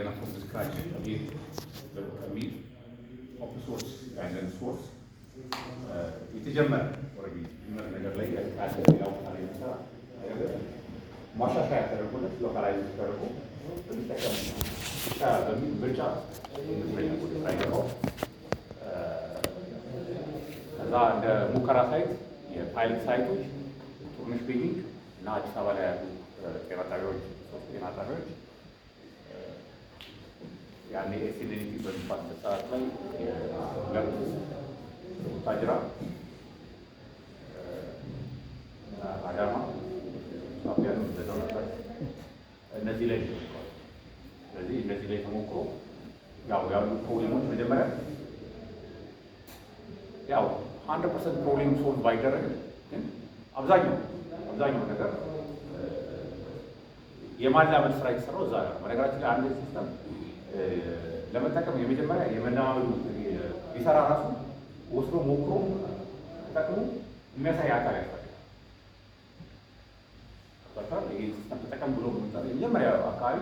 redan från scratch med, በሚል ኦፕን ሶርስ ጋይደን ሶርስ የተጀመረ ኦልሬዲ ነገር ላይ ያለ ሌላው ካላ የሚሰራ ማሻሻያ ተደርጎለት ሎካላይዝ ተደርጎ ብንጠቀም ይቻላል በሚል ምርጫ ወደ ስራ ይገባው። ከዛ እንደ ሙከራ ሳይት የፓይለት ሳይቶች ቱርንሽ ቤይንግ እና አዲስ አበባ ላይ ያሉ ጤና ጣቢያዎች ሶስት ጤና ጣቢያዎች ያኔ ኤሲዲቲ በሚባልበት ሰዓት ላይ ታጅራ አዳማ ሳቢያ ነው እነዚህ ላይ ተሞክሯል። ስለዚህ እነዚህ ላይ ተሞክሮ ያው ያሉ ፕሮብሌሞች መጀመሪያ ያው ሀንድረድ ፐርሰንት ፕሮብሌም ሶልቭ ባይደረግም ግን አብዛኛው አብዛኛው ነገር የማላመድ ስራ የተሰራው እዛ ነው። በነገራችን ላይ አንድ ሲስተም ለመጠቀም የመጀመሪያ የመለማመዱ የሰራ ራሱ ወስዶ ሞክሮ ተጠቅሞ የሚያሳይ አካል ያስፈልጋል። ይህ ሲስተም ተጠቀም ብሎ የመጀመሪያ አካባቢ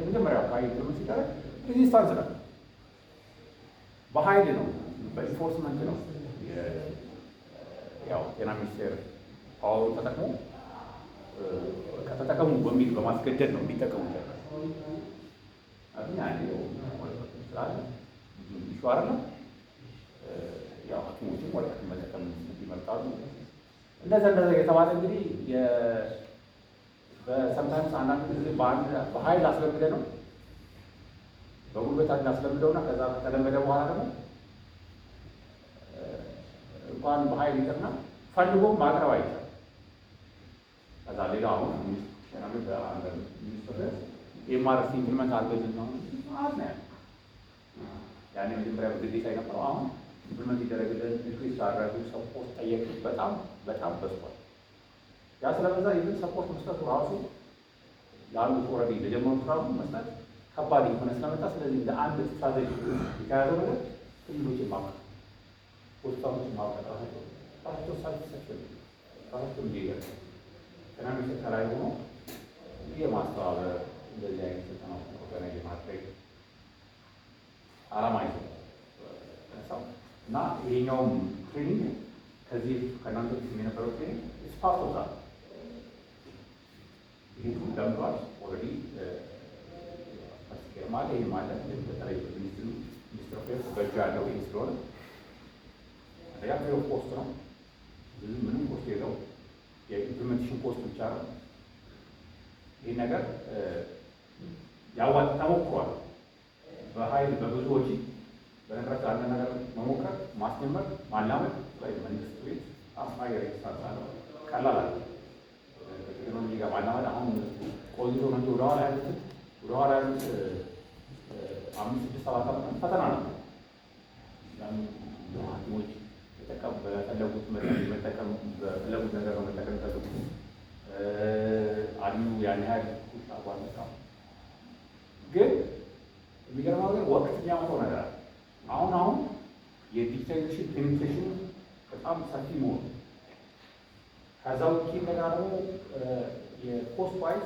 የመጀመሪያ አካባቢ ትምህርት ሲደረግ ሬዚስታንስ ነው፣ በሀይል ነው፣ በኢንፎርስመንት ነው። ያው ጤና ሚኒስቴር ፓወሩን ተጠቅሞ ከተጠቀሙ በሚል በማስገደድ ነው የሚጠቀሙ ነበር። ሐኪሞችም ወረቀትን መጠቀም ይመርጣሉ። እንደዛ እንደዛ የተባለ እንግዲህ በሰምታይምስ አንዳንድ ጊዜ በሀይል አስለምደ ነው በጉልበት እናስለምደውና ከዛ ከተለመደ በኋላ ደግሞ እንኳን በሀይል ይቅርና ፈልጎ ማቅረብ አይቻል అది అడిగాము minister MRS implement organisation यानी मुझे प्रायोरिटी का करवाओ इंप्लीमेंट की रेगुलर इसकी स्टार ड्राइविंग सपोर्ट चाहिए कि बताओ बताओ बस पर क्या सलाह बता इवन सपोर्ट उसका थोड़ा सी ያሉ ኦልሬዲ ለጀመሩ ስራ መስራት ከባድ የሆነ ስለመጣ ስለዚህ እንደ አንድ ስትራቴጂ የተያዘው ነገር ክልሎችን ማወቅ ፖስታኖችን ማወቅ ራሳቸው ራሳቸው ሳቲስፋክሽን ራሳቸው እንዲያደርግ ትናንሽ ተላይ ሆኖ የማስተባበር እንደዚህ አይነት ስልጠና ወገነ የማድረግ አላማ ይዘ ሰው እና ይሄኛውም ትሬኒንግ ከዚህ ከእናንተ ፊት የነበረው ትሬኒንግ ስፓርቶዛ ይህ ለምዷል ኦልሬዲ ማለ ይህ ማለት በተለይ ሚኒስትር ፌርስ በእጁ ያለው ይህ ስለሆነ ያ ፍሪ ኮስት ነው ብዙ ምንም ኮስት የለው የኢምፕሊሜንቴሽን ኮስት ብቻ ነው። ይህ ነገር ያዋጣ ተሞክሯል። በኃይል በብዙ ወጪ በነገራችን አንድ ነገር መሞከር፣ ማስጀመር፣ ማላመድ ላይ መንግስት ቤት አፋ የተሳሳ ነው። ቀላል አለ ቴክኖሎጂ ጋር ማላመድ አሁን ቆይቶ ነው ወደኋላ ያሉት ወደኋላ ያሉት አምስት ስድስት ሰባት ፈተና ነው ሐኪሞች በፈለጉት መጠቀም በፈለጉት ነገር መጠቀም አሉ ያን ያህል ግን የሚገርመው ነገር ወቅት የሚያመጣው ነገር አለ። አሁን አሁን የዲጂታይዜሽን በጣም ሰፊ መሆኑ ከዛ ውጭ ደግሞ የኮስት ዋይዝ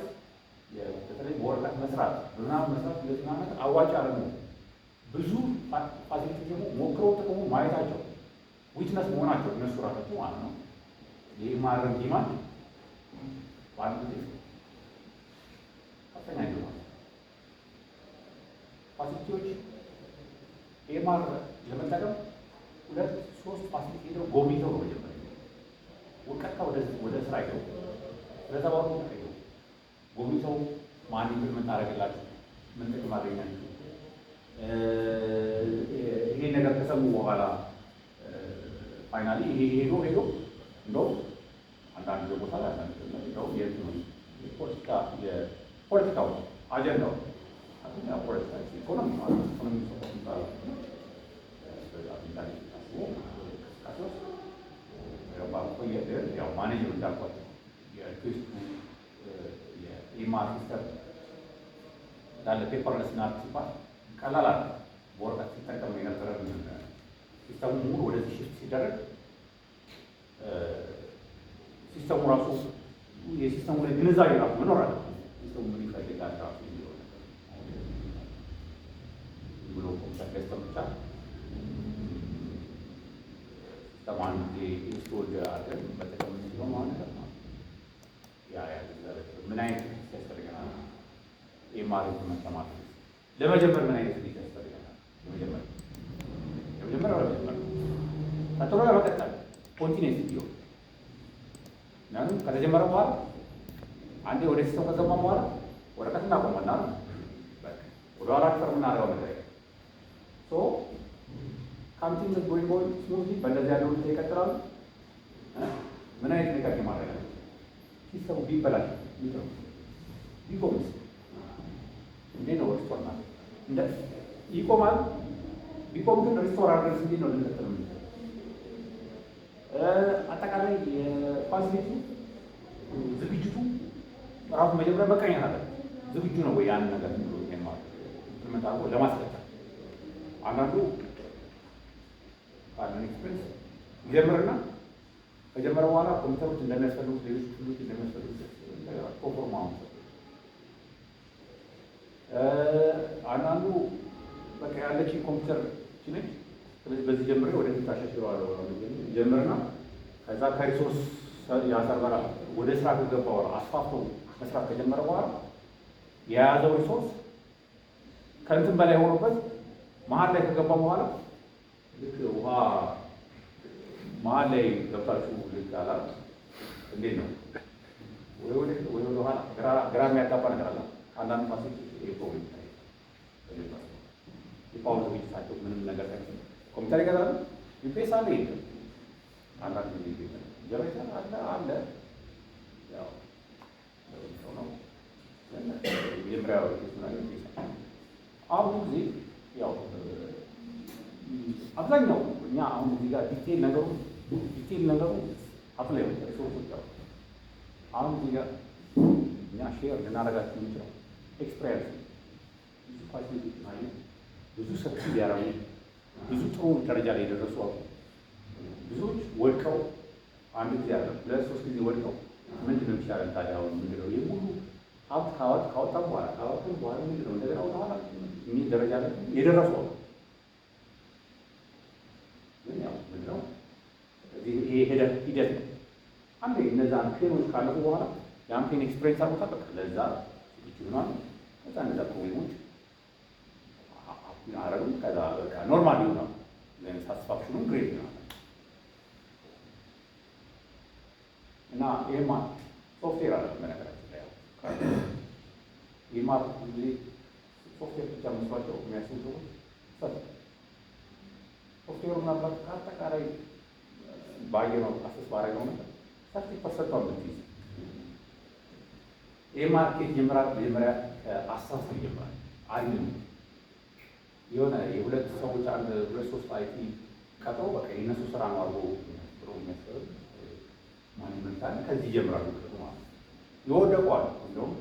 በተለይ በወረቀት መስራት መስራት አዋጭ ብዙ ፋሲሊቲ ደግሞ ሞክረው ጥቅሙ ማየታቸው ዊትነስ መሆናቸው እነሱ ራሳቸው ማለት ነው። የማረም ዲማንድ በአንድ ጊዜ ከፍተኛ ይሆናል። ፋሲሊቲዎች ኤማር ለመጠቀም ሁለት ሶስት ፋሲሊቲ ሄደው ጎብኝተው ነው መጀመሪያ ወቀታ ወደ ስራ ይገቡ ስለተባሉ ይገቡ ጎብኝተው ማን ኢምፕልመንት አደረገላችሁ ምን ጥቅም አገኛችሁ ይሄ ነገር ከሰሙ በኋላ ፋይናሊ ይሄ ሄዶ ሄዶ እንደውም አንዳንድ ቦታ ላይ አንዳንድ እንደውም የፖለቲካ የፖለቲካው አጀንዳው አንደኛ ፖለቲካ ኢኮኖሚ ኢኮኖሚ ሰዎች ይባላል ማኔጀር እንዳልኳቸው የክሪስቱ የኢማር ሲስተም እንዳለ ፔፐርለስ ናት ሲባል ቀላል አለ በወረቀት ሲጠቀም የነበረ ሲስተሙ ሙሉ ወደዚህ ሽፍት ሲደረግ ሲስተሙ ራሱ የሲስተሙ ላይ ግንዛቤ ራሱ መኖር አለ። ሲስተሙ ምን ይፈልጋል ራሱ የሚለው ነገር ብሎ ኮምፒተር ገዝተን ብቻ ሲስተም አንድ ኢንስቶል አድርገን መጠቀም ሲሆን ማለት ነው። ምን አይነት ያስፈልገናል? ኤማሪ መሰማት ለመጀመር ምን አይነት ከጀመረ በኋላ አንዴ ወደ ሲስተም ከገባ በኋላ ወረቀት እናቆመና ወደ ኋላ ቅር ምናደረው ነገር ካምቲንግ ጎይንግ ኦን ስሙዝሊ በእንደዚህ ያለው ሁኔታ ይቀጥላሉ። ምን አይነት ጥንቃቄ ማድረግ ነው? ሲስተሙ ቢበላሽ ሚትሮ ቢቆምስ እንዴት ነው? ሪስቶር ማለት እንደ ይቆማል። ቢቆም ግን ሪስቶር አድርገን እንዴት ነው ልንቀጥል? አጠቃላይ የፋሲሊቲ ዝግጅቱ ራሱ መጀመሪያ መቀኘት አለ። ዝግጁ ነው ወይ ያን ነገር ብሎ መጣ ለማስቀጠል አንዳንዱ ባለን ኤክስፔሪንስ ይጀምርና ከጀመረ በኋላ ኮምፒውተሮች እንደሚያስፈልጉት ሌሎች ክፍሎች እንደሚያስፈልጉት ኮንፎርም አንዳንዱ በቃ ያለች ኮምፒውተር ችነች ስለዚህ በዚህ ጀምሬ ወደፊት አሻሽለዋለሁ ጀምርና ከዛ ከሪሶርስ ያሰርበራል ወደ ስራ ከገባ በኋላ አስፋፍቶ መስራት ከጀመረ በኋላ የያዘው ሪሶርስ ከእንትን በላይ ሆኖበት መሀል ላይ ከገባ በኋላ ልክ ውሃ መሀል ላይ ገብታችሁ ልክ አላ እንዴት ነው ወይ ግራ የሚያጋባ ነገር አለ። አንዳንድ ፋሲል ፕሮብሌም ይታያል። የፓወር ዝግጅታቸው ምንም ነገር ሳይ ኮምፒውተር ይገዛሉ። ዩፒኤስ አለ የለም አንዳንድ ጊዜ ጀረሻ አለ አለ ያው ሰው ነው የመጀመሪያው ነገር አሁን ጊዜ ያው አብዛኛው እኛ አሁን እዚህ ጋር ዲቴል ነገሩ ዲቴል ነገሩ አፕላይ ወደ ሪሶርሶች አሉ። አሁን እዚህ ጋር እኛ ሼር ልናደርጋችሁ የምንችለው ኤክስፒሪየንስ ብዙ ፋሲሊቲ ማየ ብዙ ሰፊ ያረሙ ብዙ ጥሩ ደረጃ ላይ የደረሱ አሉ። ብዙዎች ወድቀው አንድ ጊዜ አለ፣ ሁለት ሶስት ጊዜ ወድቀው ምንድን ነው ይሻላል ታዲያ? አሁን ምንድን ነው የሙሉ ሀብት ካወጥ በኋላ ካወጣም በኋላ ምንድን ነው እንደገና የሚል ደረጃ ላይ የደረሱ ነው። ያው ምንድን ነው ይሄ ሂደት ነው። አንዴ እነዛን ፔኖች ካለፉ በኋላ ያን ፔን ኤክስፔሪንስ በቃ ለዛ ዝግጁ ሆኗል። ከዛ እነዛ ፕሮብሌሞች አረግም ከዛ በቃ ኖርማል ይሆናል። ግሬት ይሆናል። እና ይህማ ሶፍትዌር አለ በነገራችን ላይ ይህማ ጊዜ ሶፍትዌር ብቻ መስሏቸው የሚያስቡ ሰት ሶፍትዌሩ ምናልባት ከአጠቃላይ ባየነው አሰስ ባረገው ነገር ሰርቲ ፐርሰንት ነው የምትይዝ። ይህ ማርኬት ጀምራል። መጀመሪያ አስተሳሰብ ይጀምራል። አንድ የሆነ የሁለት ሰዎች አንድ ሁለት ሶስት አይቲ ቀጥሮ በቃ የነሱ ስራ ነው አድርጎ ጥሩ የሚያስፈልግ ማንመልታን ከዚህ ይጀምራሉ። ጥቅማ ይወደቋል። እንደውም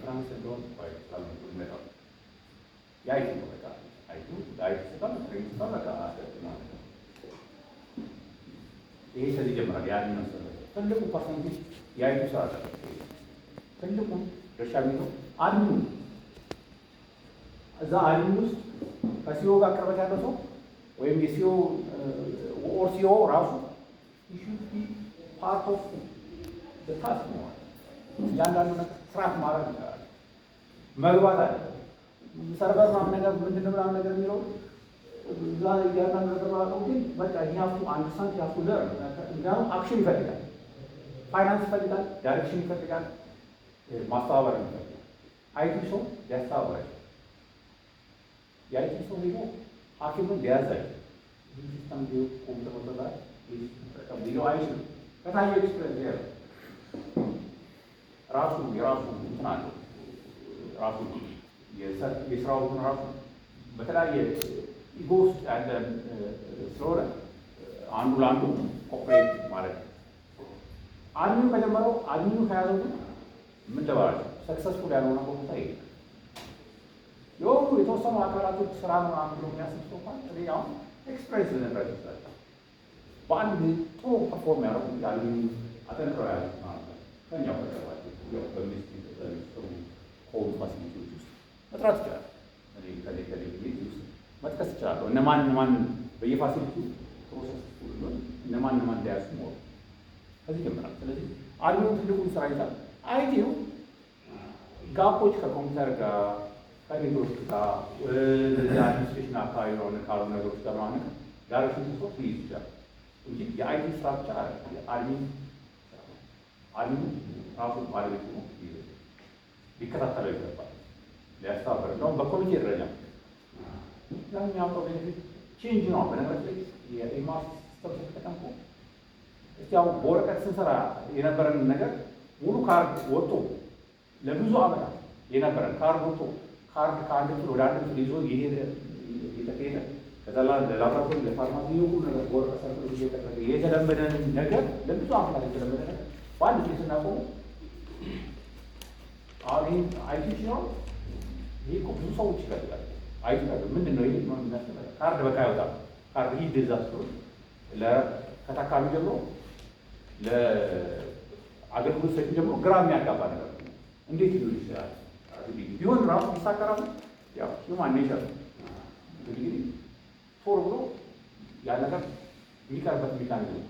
ፍራንስ እንደሆን ይመጣሉ። ያይቱ ነው በቃ አይቱ ዳይቱ ስታል ትሬን በቃ ማለት ነው። ይሄ ከዚህ ይጀምራል። ያን መሰለ ትልቁ ፐርሰንቴጅ ያይቱ ስራ ትልቁ ድርሻ የሚለው አድኑ እዛ አድኑ ውስጥ ጋር ቅርበት ያለው ሰው ወይም የሲዮ ኦር ራሱ ፓርት ኦፍ the task ነው። እያንዳንዱ ነገር ማድረግ ይችላል። መግባት አለ ሰርበስ ነገር ምንድን ነው ምናምን ነገር የሚለው እዛ እያንዳንዱ ነገር ማለት ግን በቃ ያሱ አንደርስታንድ ያሱ ለር አክሽን ይፈልጋል፣ ፋይናንስ ይፈልጋል፣ ዳይሬክሽን ይፈልጋል፣ ማስተባበር ይፈልጋል። አይቲ ሰው የአይቲ ሰው ሐኪሙን ሲስተም ቢሆን አይችልም ከታየ ኤክስፕሬስ ራሱ የራሱ እንትን አለው ራሱ የስራውን ራሱ በተለያየ ኢጎ ውስጥ ያለ ስለሆነ አንዱ ለአንዱ ኮፕሬት ማለት ነው። አድሚኑ ከጀመረው አድሚኑ ከያዘው ግን ምን ልበላቸው ሰክሰስፉል ያልሆነ ቦታ ይ የሆኑ የተወሰኑ አካላቶች ስራ ነው አንዱ የሚያስብ ሰው እንኳን አሁን ኤክስፕሬስ ልንረግ ይችላል በአንድ ጊዜ ጥሩ ፐርፎርም ያደረጉ ያሉ አጠንክረው ያሉት ማለት ነው። ከኛው በቀባቸው ያው ጥሩ ከሆኑ ፋሲሊቲዎች ውስጥ መጥራት ይችላል። ከሌ ከሌ ውስጥ መጥቀስ ይችላለሁ። እነማን እነማን በየፋሲሊቲ ፕሮሰስ እነማን እነማን እንዳያሱ ኖሩ ከዚህ ጀምራል። ስለዚህ አድኖ ትልቁን ስራ ይዛል። አይቲው ጋፖች ከኮምፒውተር ጋር ከሌሎች ጋር አድሚኒስትሬሽን አካባቢ ሆነ ካሉ ነገሮች ጋር ማነቅ ዳይሬክሽን ሶፍት ሊይዝ ይችላል። እንጂ የአይቲ ስትራክቸር አድሚን አድሚኑ ራሱ ባለቤቱ ነው፣ ሊከታተለው ይገባል፣ ሊያስተባበር እንደውም በኮሚቴ ደረጃ ዛም የሚያውቀው ቤኔፊት ቼንጅ ነው። በነገራችን የኤማስ ሲስተም ተጠቀምኩ እስቲ አሁን በወረቀት ስንሰራ የነበረን ነገር ሙሉ ካርድ ወጥቶ ለብዙ ዓመታት የነበረን ካርድ ወጥቶ ካርድ ከአንድ ምስል ወደ አንድ ምስል ይዞ የሄደ የተካሄደ ለጠላት ለላብራቶሪ ለፋርማሲ ሁሉ ነገር ወረቀት ሰርቶ እየተደረገ የተለመደን ነገር ለብዙ አመታት የተለመደ ነገር በአንድ ጊዜ ስናቆሙ አሁን ይህ ነው። ይሄ ይህ እኮ ብዙ ሰዎች ይፈልጋል። አይቲ ካርድ ምንድን ነው? ይህ የሚያስፈልግ ካርድ በቃ ያወጣል። ካርድ ይህ ድዛ ስለሆነ ከታካሚ ጀምሮ ለአገልግሎት ሰጪ ጀምሮ ግራ የሚያጋባ ነገር እንዴት ሊሆን ይችላል? ቢሆን ራሱ ይሳከራሉ። ያው ሂውማን ኔቸር ነው እንግዲህ ፎር ብሎ ያ ነገር ሊቀርበት ሜካኒዝም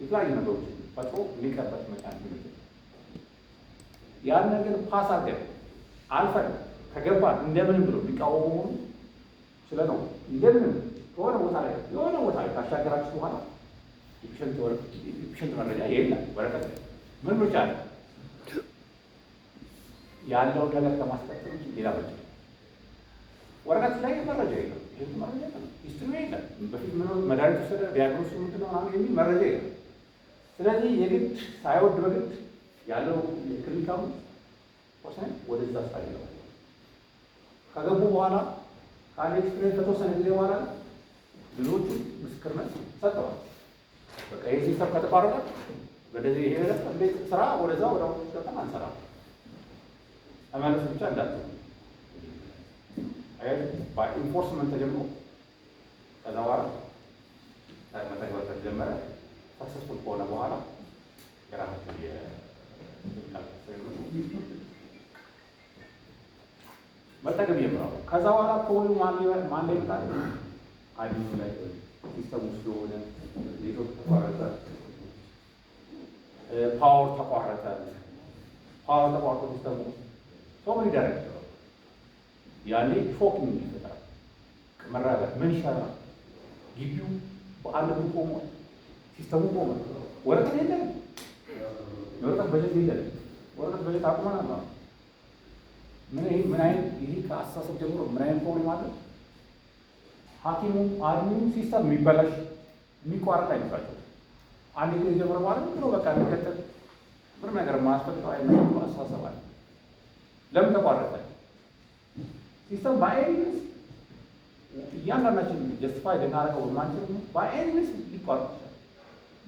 የተለያዩ ነገሮች ፈጥሮ ሊቀርበት ሜካኒዝም ነው። ያን ነገር ፓስ አድርገን አልፈን ከገባን እንደምንም ብሎ ሊቃወሙ መሆኑ ስለ ነው። እንደምንም የሆነ ቦታ ላይ የሆነ ቦታ ላይ ካሻገራችሁ በኋላ ኢፊሽንት መረጃ የለም ወረቀት ምን ምርጫ አለ ያለውን ነገር ከማስቀጠል ሌላ ወረቀት ላይ መረጃ የለም። ሂስትሪ የለም። በፊት መድኃኒት ወሰደ ዲያግኖስ ምንድን ነው ምናምን የሚል መረጃ የለም። ስለዚህ የግድ ሳይወድ በግድ ያለው ክሊኒካሙ ወሰን ወደዛ ስታዲ ነው ከገቡ በኋላ ከአንድ ኤክስፔሪንስ ከተወሰነ ጊዜ በኋላ ብዙዎቹ ምስክርነት ሰጥተዋል። በቃ ይህ ሲስተም ከተቋረጠ ወደዚህ ይሄ ስራ ወደዛ ወደ አንሰራ ተመለሱ ብቻ እንዳትሆን በኢንፎርስመንት ተጀምሮ ከዛ በኋላ መታ ህይወት ተጀመረ። ሰክሰስፉል ከሆነ በኋላ የራሳቸው መጠቀም ጀምረው ከዛ በኋላ ፖሊ ማን ላይ ይመጣል? አዲሱ ላይ ሲስተሙ ስለሆነ ኔትወርክ ተቋረጠ፣ ፓወር ተቋረጠ። ፓወር ተቋርጦ ሲስተሙ ሰው ምን ይደረግ ያኔ ሾኪንግ ይፈጥራል። መራባት ምን ይሻላል? ግቢው በአለም ቆሞ ሲስተሙ ቆሞ ወረቀት የለም፣ የወረቀት በጀት የለም። ወረቀት በጀት አቁመናል ማለት ምን ይሄ ምን አይነት ይሄ ከአስተሳሰብ ጀምሮ ምን አይነት ፕሮብሌም ማለት ሐኪሙ አድሚኑ ሲስተም የሚበላሽ የሚቋረጥ አይመስላቸው። አንድ ጊዜ ጀምሮ ማለት ብሎ በቃ ሚከተል ምንም ነገር ማስፈልገው አይነት አስተሳሰብ አለ። ለምን ተቋረጠ? ሲስተም በአይኒ ሚንስ እያንዳንዳችን ጀስቲፋይ ልናደርገው በማንችል በአይኒ ሚንስ ሊቋረጥ ይችላል።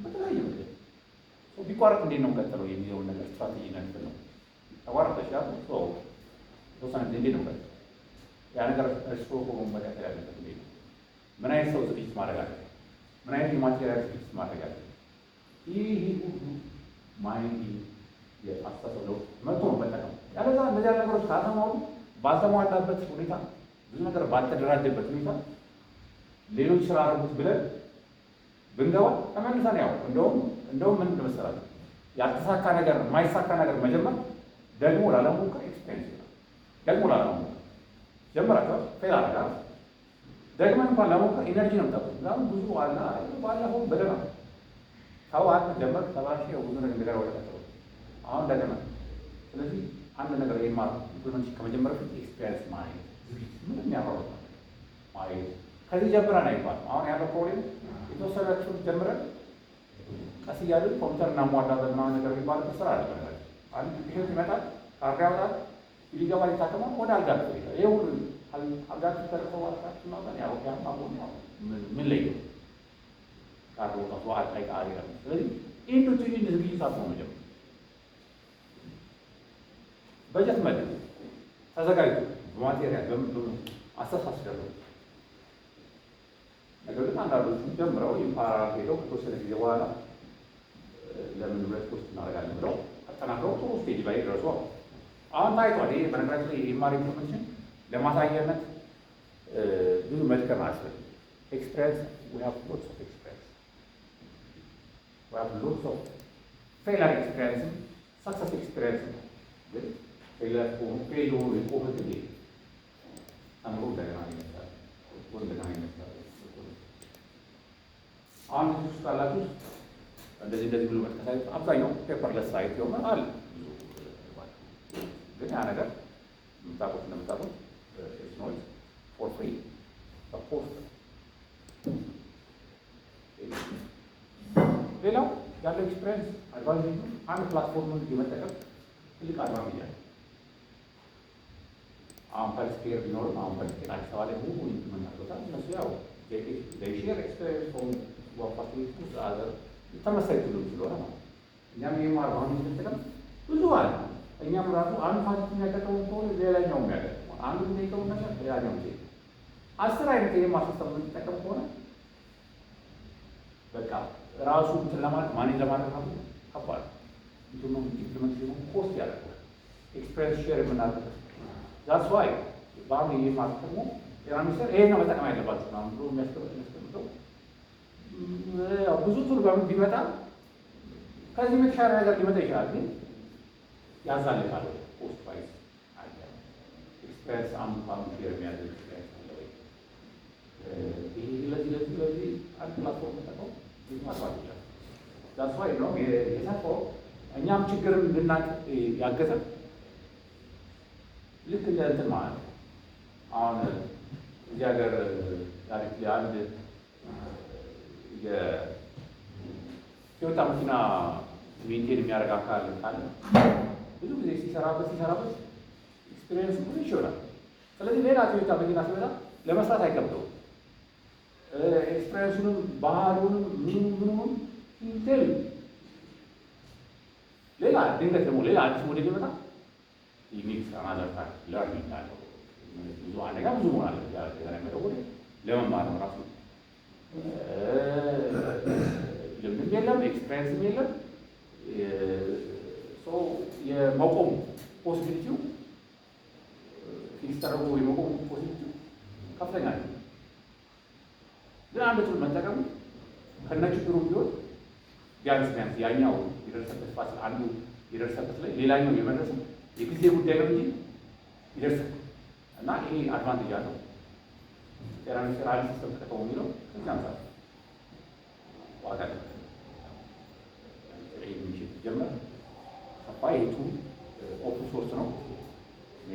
በተለያየ መንገድ ቢቋረጥ እንዴት ነው ቀጥለው የሚለውን ነገር ስትራቴጂ ነክ ነው። ተቋረጠ ይችላል ተወሰነ ጊዜ እንዴት ነው ቀጥለው ያ ነገር እርሾ ሆኖ ያለበት እንዴት ነው? ምን አይነት ሰው ዝግጅት ማድረግ አለ? ምን አይነት የማቴሪያል ዝግጅት ማድረግ አለ? ይህ ሁሉ ማይንድ የአስተሳሰብ ለውጥ መቶ ነው መጠቀም ያለዛ እነዚያ ነገሮች ካተማሩ ባልተሟላበት ሁኔታ ብዙ ነገር ባልተደራጀበት ሁኔታ ሌሎች ስራ አረጉት ብለን ብንገባ ተመልሰን ያው እንደውም እንደውም ምን መሰላችሁ ያልተሳካ ነገር የማይሳካ ነገር መጀመር ደግሞ ላለመሞከር ኤክስፔሪንስ ይላል። ደግሞ ላለመሞከር ጀምራችሁ ፌል አደረጋ ደግመን እንኳን ለመሞከር ኢነርጂ ነው ጠቁ ዛም ብዙ አለ ባለፈው በደና ሰው አለ ጀመር ተባሽ ብዙ ነገር እንደገና ወደ አሁን ደግመን ስለዚህ አንድ ነገር የማር ኢኮኖሚክስ ከመጀመሪያ ፊት ኤክስፒሪንስ ማየት ምንም ያባወጣ ማየት ከዚህ ጀምረን አይባልም። አሁን ያለው ፕሮብሌም የተወሰናችሁን ጀምረን ቀስ እያሉ ኮምፒውተር እናሟላለን ምናምን ነገር የሚባል ስራ አለ። አንድ ፔሽንት ይመጣል፣ ካርድ ያወጣል፣ ሊገባ ሊታከማ ወደ አልጋ ይሄ ሁሉ አልጋ ተደርሰው አልጋችሁ ማዘን ያው ያም አቦን ያው ምን ላይ ነው ካርድ ወጣቱ አልቃይ ቃሪ ስለዚህ ኢንዱትሪ ዝግጅት አስመጀመር በጀት መልክ ተዘጋጅቶ በማቴሪያል አስተሳስ ደረጉ። ነገር ግን አንዳንዶቹ ጀምረው ኢምፓራል ሄደው ከተወሰነ ጊዜ በኋላ ለምን ሁለት ፖስት እናደርጋለን ብለው አጠናክረው ጥሩ ስቴጅ ላይ ደረሱ። አሁን ታይቷል። ይሄ በነገራችን ላይ የማር ኢንፎርሜሽን ለማሳያነት ብዙ መድከም አያስፈልግም። ኤክስፒሪየንስ ዊ ሃቭ ሎትስ ኦፍ ኤክስፔሪንስ ዊ ሃቭ ሎትስ ኦፍ ፌለር ኤክስፒሪየንስ፣ ሰክሰስ ኤክስፒሪየንስ ግን ቴላፎን ፌሎ የቆፈት ጊዜ አእምሮ እንደገና ይመጣል። እንደገና ይመጣል። ውስጥ እንደዚህ እንደዚህ ብሎ አብዛኛው ፔፐርለስ ሳይት የሆነ አለ። ግን ያ ነገር ፎር ፍሪ ሌላው ያለው ኤክስፔሪንስ አድቫንቴጅ አንድ ፕላትፎርምን የመጠቀም ትልቅ አድቫንቴጅ አለ። አሁን ፐር ስፔር ቢኖርም አሁን ፐር ስፔር አዲስ አበባ ላይ ሙሉ ኢምፕሊመንት እነሱ ያው ሼር ኤክስፔሪንስ ሆም ፋሲሊቲ አዘር ተመሳይ ስለሆነ ነው። እኛም ይህም አርባ አምስት ምትለም ብዙ አለ። እኛም ራሱ አንዱ ፋሲሊቲ የሚያቀጠሙ ከሆነ ሌላኛው የሚያቀጥሙ አንዱ ሚጠቀሙ ነገር ሌላኛው ዜ አስር አይነት ይህም አስስተም የምንጠቀም ከሆነ በቃ ራሱ እንትን ለማለት ማኔጅ ለማድረግ ሀብ ከባድ ኢምፕሊመንት ሲሆን ኮስት ያደርጋል። ኤክስፔሪንስ ሼር የምናደርገው ዛስ ዋይ በአሁኑ ይህ ማለት ጤና ሚኒስቴር ይሄን ነው መጠቀም ያለባቸው ምናምን ብሎ የሚያስቀምጠው ብዙ ቱር ቢመጣ ከዚህ የተሻለ ነገር ሊመጣ ይችላል፣ ግን ያዛልፋል። ፖስት ቫይስ አለ ኤክስፐሪንስ አምፓም ሼር የሚያደርግ ኤክስፐሪንስ አለ ወይ? ይሄ ለዚህ ለዚህ ለዚህ አንድ ፕላትፎርም ተጠቀው ብዙ ማስዋል ይችላል። ዛስ ዋይ ነው የሰፋው እኛም ችግርን እንድናቅ ያገዘን ልክ እንደ እንትን ማለት ነው። አሁን እዚህ ሀገር ታሪክ አንድ የቶዮታ መኪና ሜንቴን የሚያደርግ አካል ካለ ብዙ ጊዜ ሲሰራበት ሲሰራበት ኤክስፒሪየንስ ብዙ ይሆናል። ስለዚህ ሌላ ቶዮታ መኪና ሲመጣ ለመስራት አይከብደውም። ኤክስፒሪየንሱንም ባህሉንም ምኑ ምኑም ኢንቴል ሌላ ድንገት ደግሞ ሌላ አዲስ ሞዴል ይመጣል የሚል ከማዘርታት ለር የሚባለው ብዙ አደጋ ብዙ መሆን አለ ለመማር ነው ራሱ ልምድ የለም ኤክስፔሪንስም የለም። የመቆም ፖሲቢሊቲው ፊክስ የመቆም ፖሲቢሊቲው ከፍተኛ ነው። ግን አንድ ቱል መጠቀሙ ከነ ችግሩ ቢሆን ቢያንስ ቢያንስ ያኛው የደረሰበት ፋስል አንዱ የደረሰበት ላይ ሌላኛው የመድረስም የጊዜ ጉዳይ ነው እንጂ ይደርሳል እና ይሄ አድቫንቴጅ አለው። ጤና ሚኒስቴር አዲስ ሲስተም ተጠቀሙ የሚለው ከዚህ አንጻር ዋጋ ሚሽል ጀመር ሰፋ የቱ ኦፕን ሶርስ ነው። እኔ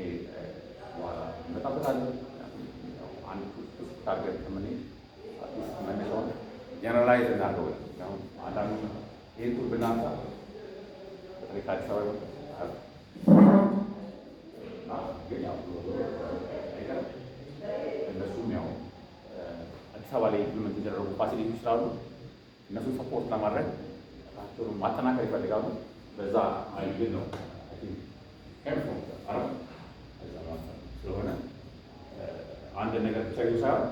በኋላ እንመጣበታለን። አንድ ከምንሄድ አዲስ መነሻውን ጀነራላይዝ እናደርገው። አንዳንዱ ይህን ቱር ብናንሳ በተለይ ከአዲስ አበባ አበባ ላይ ኢምፕሊመንት የተደረጉ ፋሲሊቲዎች ስላሉ እነሱን ሰፖርት ለማድረግ ራቸውን ማጠናከር ይፈልጋሉ። በዛ አይግን ነው ስለሆነ አንድ ነገር ብቻ ሳይሆን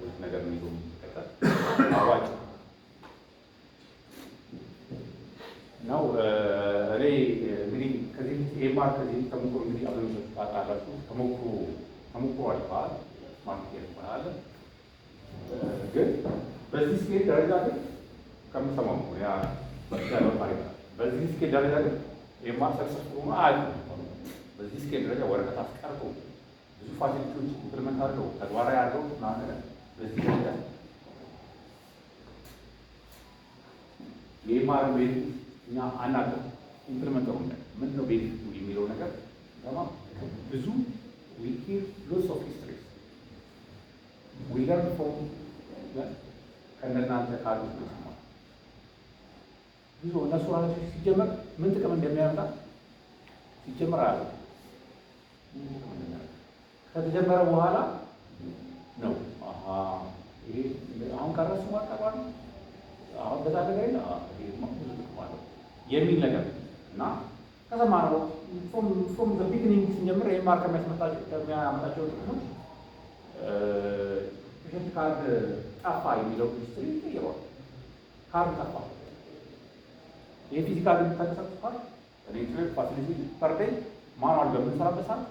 ሁለት ነገር ነው ይዞ አዋጭ ነው። እኔ እንግዲህ ከዚህ ኤማር ከዚህ ተሞክሮ እንግዲህ አብዛኞቹ ታውቃላችሁ። ተሞክሮ ተሞክሮ ይባላል ማርኬት ይባላል ግን በዚህ ስኬል ደረጃ ግን ከምሰማው ያ ያለው በዚህ ስኬል ደረጃ ግን የማሰብሰብ ሆኖ አያውቅም። በዚህ ስኬል ደረጃ ወረቀት አስቀርቶ ብዙ ፋሲሊቲዎች ኢምፕልመንት አድርገው ተግባራዊ አድርገው ናነ በዚህ ደረጃ የማር ቤት እኛ አናውቅም። ኢምፕልመንት ሆነ ምን ነው ቤት የሚለው ነገር ብዙ ሎስ ኦፍ ሂስትሪ ዊ ለርን ፍሮም ብዙ እነሱ ራሳቸው ሲጀመር ምን ጥቅም እንደሚያመጣ ሲጀመር አለ ከተጀመረ በኋላ ነው። አሁን ቀረሱ ማጠቋል አሁን በዛ ነገር ብዙ ጥቅም አለው የሚል ነገር እና ከተማረው ፍሮም ዘ ቢግኒንግ ስንጀምር ይህ ማርከሚያስመጣቸው ከሚያመጣቸው ጥቅሞች ይህን ካርድ ጠፋ የሚለው ኢንዱስትሪ ይጠየዋል። ካርድ ጠፋ፣ የፊዚካል የምታንቀሳቀስ ካርድ ኢንተርኔት ፋሲሊቲ ፐርዴይ ማኗል በምንሰራበት ሰዓት